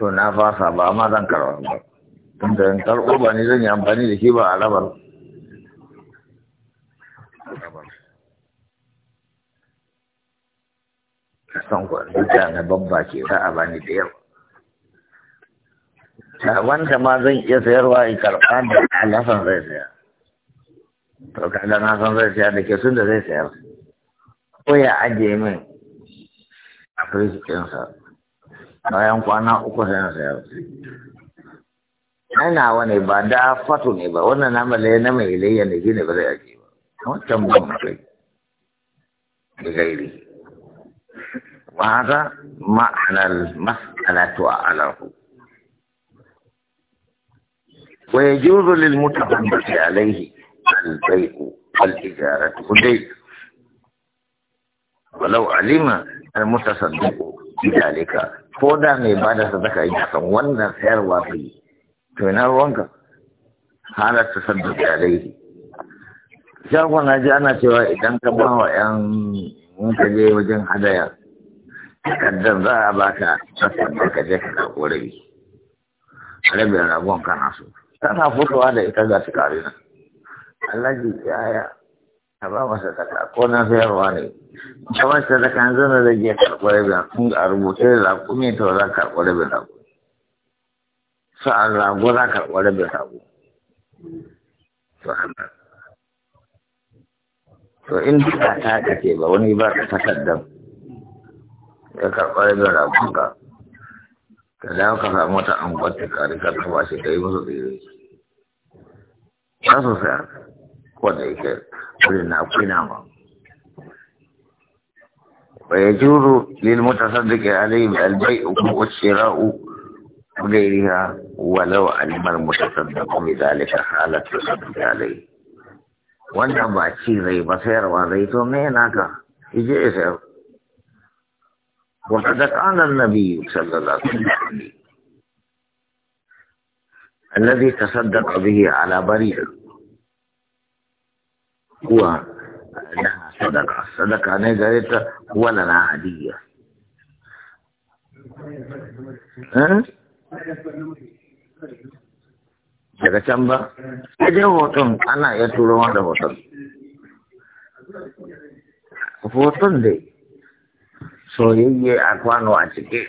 to na fasa ba ma zan karɓa ba tunda in karɓo ba ni zan yi amfani da shi ba a rabar san kwanin duka na babba ke za a bani da yawa wanda ma zan iya sayarwa in karɓa da alasan zai saya to kaga na san zai saya da ke sun da zai sayar ko ya ajiye min a firjikinsa bayan kwana uku sai na sayar ina wani ba da fatu ne ba wannan na malaye na mai ilayya ne gine ba zai ake ba wancan ban kai da gairi وهذا معنى المسألة على ويجوز للمتفق عليه البيع والإجارة والدين ولو علم المتصدق بذلك ko da mai ba da sadaka yi kan wannan sayarwa ta yi to ina ruwanka halar ta sadda ta shagon na ji ana cewa idan ka ba wa yan mun wajen hadaya takardar za a baka da ka je ka karɓo rabi rabin ragon kana so tana fitowa da ita ga su kare nan Allah ji yaya ka ba masa daga ko na sayarwa ne ta shi daga an zana da je karɓar da kun a rubuce da rago me ta za karɓar rabin sa a rago za karɓar rabin rago to in ta ta kace ba wani ba ka takardar ya karɓar rabin rago ka ka dawo ka samu wata anguwar ta kare ka ta ba shi ka yi musu biyu za su sayar ko da yake أكلنا أكلنا ويجوز للمتصدق عليه البيع والشراء وغيرها ولو علم المتصدق بذلك حالة التصدق عليه وانا ما شيء بصير وزيته مين هكا يجي وقد كان النبي صلى الله عليه وسلم الذي تصدق به على بريئه Kuwa laha sadaka sadaka ne gare ta huwa lana hadiyya daga can ba sai hoton ana iya turo wanda hoton hoton dai soyayye a kwano a cike